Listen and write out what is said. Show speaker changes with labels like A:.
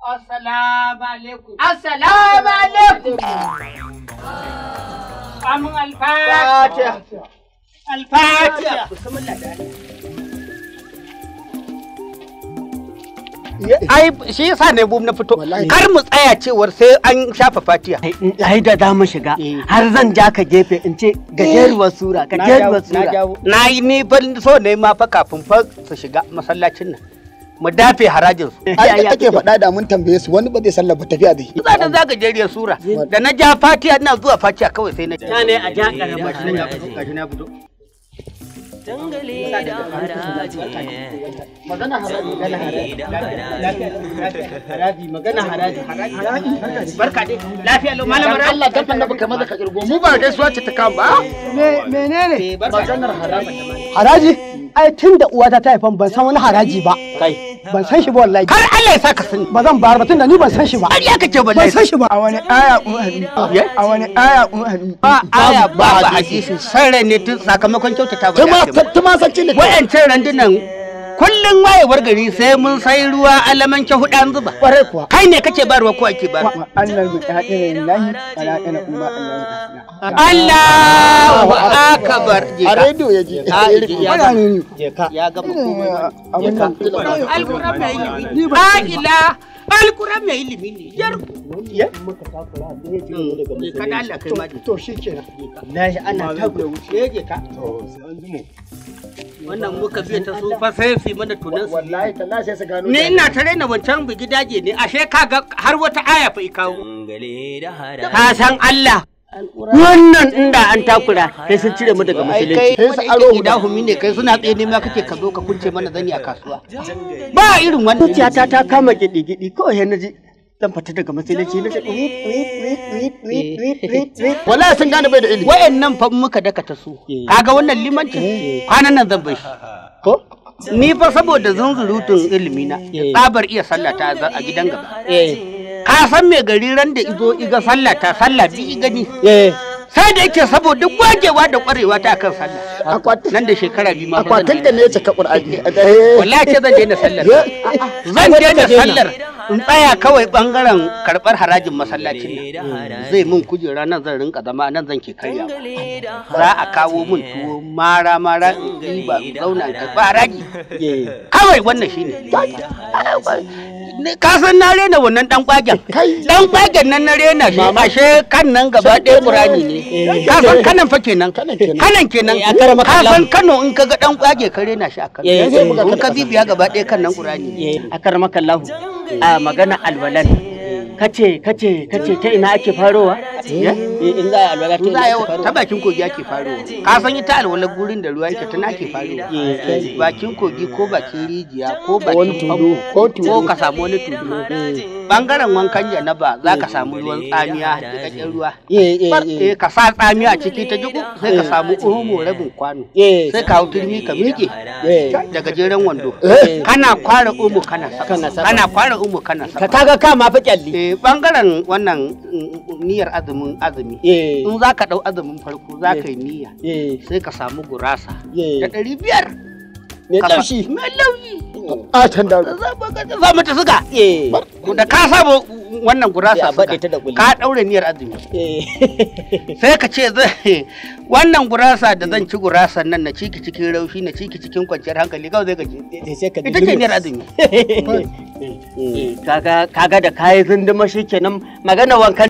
A: Assalamu alaikum. Assalamu alaikum. Amin alfatiha. Alfatiha. Ai shi yasa ne bum na fito kar mu tsaya cewar sai an shafa fatiya. Ai da za shiga eh. har zan ja ka gefe in ce gajeruwar sura eh. gajeruwar sura. Na yi ni so ne ma fa kafin fa su shiga masallacin nan. mu dafe harajin su ai ake faɗa da mun tambaye su wani ba zai sallar ba tafiya dai za da zaka jeriyar sura da na ja fatiya ina zuwa fatiya kawai sai na ja ne a ja karama shi ne na gashi na fito dangale da haraji magana haraji magana haraji magana haraji haraji barka dai lafiya lau malam Allah dan annabi kai maza ka kirgo mu ba gaisuwa ce ta kan ba menene eh, maganar haraji haraji ai tun da uwata ta haifan ban san wani haraji ba kai ban san shi ba wallahi kar Allah ya saka sani ba zan bar ba da ni ban san shi ba ya kake wallahi ban san shi ba a wani aya a wani aya ba aya ba ba hadisi sarre ne tun sakamakon kyautata ba tuma tuma sakin da wayancan randunan kullum wayewar gari sai mun sai ruwa alaman ki hudan zuba kwarai kuwa kai ne kace ba ruwa ko ake ba Allah mu ta'ala lillahi ala ana umma Allah Allahu akbar a radio yaji je ka ya ga eh, komai abin nan alquran mai ilimi ba ila alquran mai ilimi ne yarku ya mm. kada Allah kai ma to na shi ana takura ya je ka wannan muka biya ta su fa sai su mana tunan su wallahi talla sai su gano ni ina tare na wancan bugi daje ne ashe kaga har wata aya fa ikawo ka san Allah wannan inda an takura sai sun cire mu daga musulunci sai su aro guda humi ne kai suna tsaye nema kake ka zo ka kunce mana zani a kasuwa ba irin wannan zuciyata ta kama gidi gidi kawai naji zan fita daga masallaci na ce wallahi sun gane bai da ilimi wayannan fa muka dakata su eh. kaga wannan limanci eh. kwanan nan zan bai ko ni fa saboda zunzurutun ilimi na eh. tsabar iya sallata a gidan gaba ka san me gari ran da izo iga sallata sallah bi gani eh sai da yake saboda gogewa da kwarewa ta kan sallah nan da shekara biyu ma akwatin da ne ya cika qur'ani eh, eh. wallahi ce zan daina sallar zan daina sallar in tsaya kawai bangaren karbar harajin masallacin nan hmm. zai mun kujera nan zan rinka zama nan zan ke karya za a kawo mun tuwo mara mara in ba zauna in karba haraji eh. kawai wannan shine ka san na rena wannan dan kwagen dan kwagen nan na rena shi ashe kan nan gaba ɗaya burani ne ka san eh. kanan fa kenan kanan kenan eh, ka san kano in ka ga dan kwage ka rena shi a kano eh, in ka bibiya gaba ɗaya kan nan burani ne a karmakallahu a magana alwalan kace kace kace ta ina ake farowa eh, eh, in za a lura ta ina ta bakin kogi ake farowa ka san ita alwala gurin da ruwa yake tana ake farowa eh, bakin kogi ko bakin rijiya ko bakin ko ka samu wani tudu bangaren wankan janaba za ka samu ruwan tsamiya cikakken ruwa eh, eh, eh. ka sa tsamiya ciki ta jiku sai ka samu omo rabin kwano sai ka hau turmi ka miƙe da gajeren wando kana kwara omo kana saka kana kwara omo kana ka ga ka mafi kyalli bangaren wannan mm, mm, niyyar azumin azumi in za ka dau azumin farko za ka yi niyya sai ka samu gurasa da ɗari biyar mai laushi mai laushi a can da za mu ta suga eh da ka saba wannan gurasa ka daure niyyar azumi eh. sai ka ce wannan gurasa da zan ci gurasa nan na ciki cikin raushi na ciki cikin kwanciyar hankali kawai zai gaji eh, eh, ita ce niyyar azumi kaga da kayi zunduma shikenan magana wankan